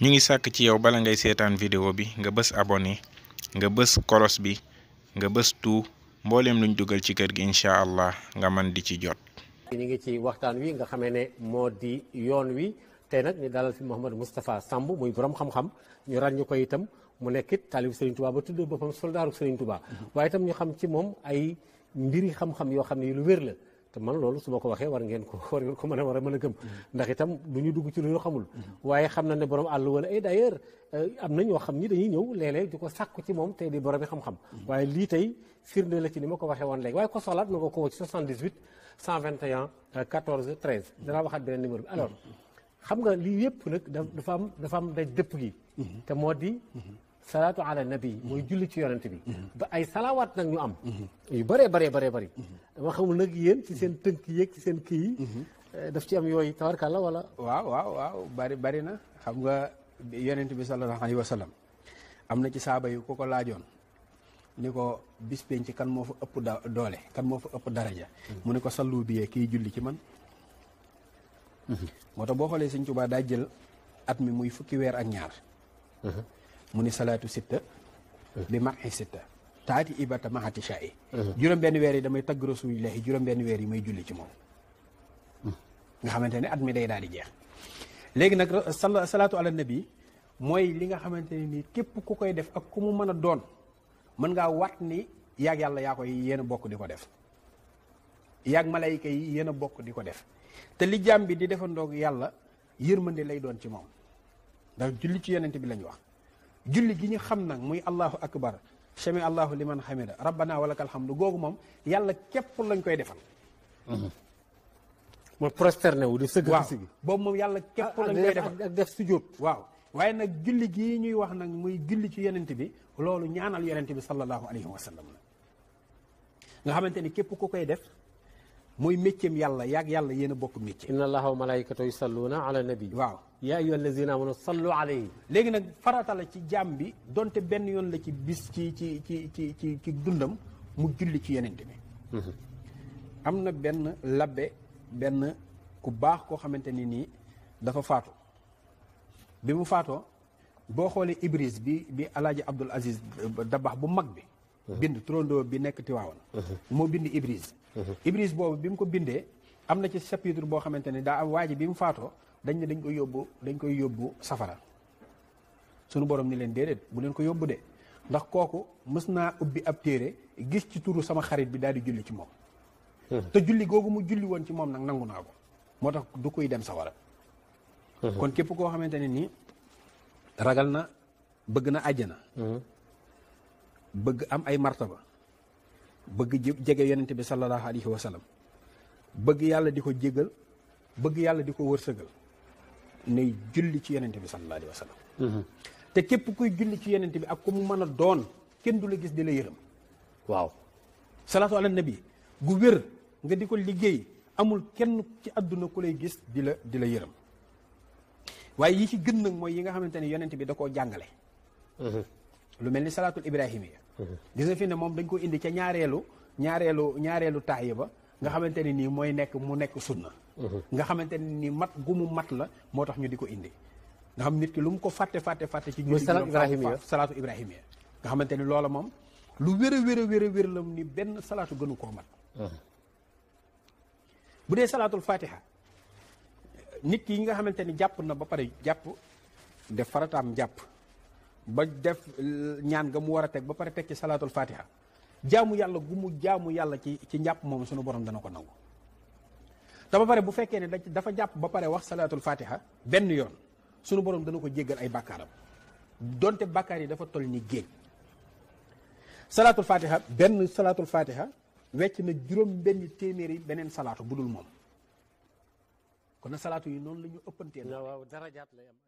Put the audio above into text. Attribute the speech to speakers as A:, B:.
A: ñu ngi sàkk ci yow bala ngay seetaan vidéo bi nga bës abonné nga bës kolos bi nga bës tu mbooleem luñ dugal ci kër gi incha allah nga man di ci jot.
B: ñu ngi ci waxtaan wi nga xamee ne moo di yoon wi tey nag ñu dalal fi Mouhamadou Moustapha Samb muy borom xam-xam ñu ràññu ko itam mu nekk it taalib Serigne Touba ba tudd boppam soldaaru Serigne Touba mhm. waaye tam ñu xam ci moom ay mbiri xam-xam yoo xam ne lu wér la. te man loolu su ma ko waxee war ngeen ko war ngeen ko mën a war a mën a gëm ndax itam du ñu dugg ci lu ñu xamul waaye xam na ne borom àll wala ay d'ailleurs euh, am na ñoo xam ni dañuy ñëw léeg-léeg di ko sàkku ci moom tey di borom xam-xam waaye lii tey firnde la ci ni ma ko waxee woon léegi waaye ko soxlaat ma nga ko woo ci 78 121 14 13 danaa waxaat beneen numéro bi alors xam nga lii yëpp nag dafa am dafa am daj dëpp gi mhm. te moo di mhm. salaatu ala nabi mooy julli ci yonent bi mhm. ba ay salawaat nag ñu am yu bëree bëree bëree bëri mhm. dama xamul nag yéen ci seen tënk
A: yeeg ci seen kii yi mhm. eh, daf ci am yooyu tawarkàlla wala waaw waaw waaw bari bari na xam nga yonent bi sallallahu alayhi wa sallam am na ci saaba yu ku ko laajoon ni ko bis penc kan moo fa ëpp doole kan moo fa ëpp daraja mu ne ko sallu biyee kii julli ci man moo tax boo xoolee Sëñ Tuubaa daa jël at mi muy fukki weer ak ñaar mu ni salaatu sitta bi marxi sitta taati ibata mahati sha i mhm. juróom benn weer yi damay tagg rasulillahi juróom benn weer yi may julli ci moom mhm. nga xamante ne at mi day daal di jeex léegi nag euh, salaatu ala nabi mooy li nga xamante ne nii képp ku koy def ak ku mu mën a doon mën ngaa wat ni yaag yàlla yaa koy yéen a bokk di ko def yaag malayka yi yéen a bokk di ko def te li jaam bi di defandoog yàlla yërmande lay doon ci moom ndax julli ci yonent bi lañ wax jullit gi ñu xam nag muy allahu akbar sami allahu liman hamida rabbana walakal hamdu googu moom yàlla képp lañ koy defal mm-hmm.
B: mooy prosterné wu di sëgg waaw
A: boobu moom yàlla képp ah, ah, lañ koy defal ak def sujjóot waaw waaye nag julli gii ñuy wax nag muy julli ci yonent bi loolu ñaanal yenent bi sallallahu alayhi wa sallam la nga xamante ni képp ku koy def mooy métiem yàlla yaag yàlla yéen a bokk métier inna allaha katooy malaikatahu na ala nabi waaw ya ayyuha allazina amanu sallu alayhi léegi nag farata ci jaam bi donte benn yoon la ci bis ci ci ci ci ci ci dundam mu julli ci yenente bi mhm. am na benn labbe benn ku baax koo xamante ni nii dafa faatu bi mu faatoo boo xoolee ibris bi bi alaaji abdul aziz dabax bu mag bi bind turandoo bi nekk Tiwaawan moo bind Ibris Ibris boobu bi mu ko bindee am na ci chapitre boo xamante ne daa am waa bi mu faatoo dañ ne dañ koy yóbbu dañ koy yóbbu safara sunu borom ni leen déedéet bu leen ko yóbbu de ndax kooku mës naa ubbi ab téere gis ci turu sama xarit bi daal di julli ci moom te julli googu mu julli woon ci moom nag nangu naa ko moo tax du koy dem sawara kon képp koo xamante ne nii ragal na bëgg na àjjana bëgg am ay martaba bëgg jege yonente bi sallallahu alayhi wa bëgg yàlla di ko jégal bëgg yàlla di ko wërsëgal nay julli ci yonente bi sallallahu alayhi
B: mm-hmm.
A: képp kuy julli ci yonente bi ak ku mën a doon kenn du la gis di yërëm waaw salaatu ala gu wér nga di ko liggéey amul kenn ci àdduna ku lay gis di la di la yërëm waaye yi ci gën nag mooy yi nga xamante ne yonente bi da koo jàngale mm-hmm. lu mel ni salaatul ibrahimiya mhm. gis nga fi ne moom dañ ko indi ca ñaareelu ñaareelu ñaareelu taaya ba nga xamante ne nii mooy nekk mu nekk sunna mhm. nga xamante ni nii mat gu mu mat la moo tax ñu di ko indi nga xam nit ki lu mu ko fàtte fàtte fàtte ci julli salaatu ibrahimiya nga xamante ni loola moom lu wér a wér a wér a wér ni benn salaatu gënu koo mat mhm. bu dee salaatul fatiha nit ki nga xamante ni jàpp na ba pare jàpp def farataam jàpp ba def ñaan nga mu war a teg ba pare teg ci salaatul fatiha jaamu yàlla gu mu jaamu yàlla ci ci njàpp moom sunu borom dana ko nangu te ba pare bu fekkee ne dafa jàpp ba pare wax salaatul fatiha benn yoon sunu borom dana ko jéggal ay bàkkaaram donte bàkkaar yi dafa toll ni géej salaatul fatiha benn salaatul fatiha wecc na juróom benn téeméer beneen salaatu bu dul moom kon salaatu yi noonu la ñu ëppantee. waaw darajaat lay am.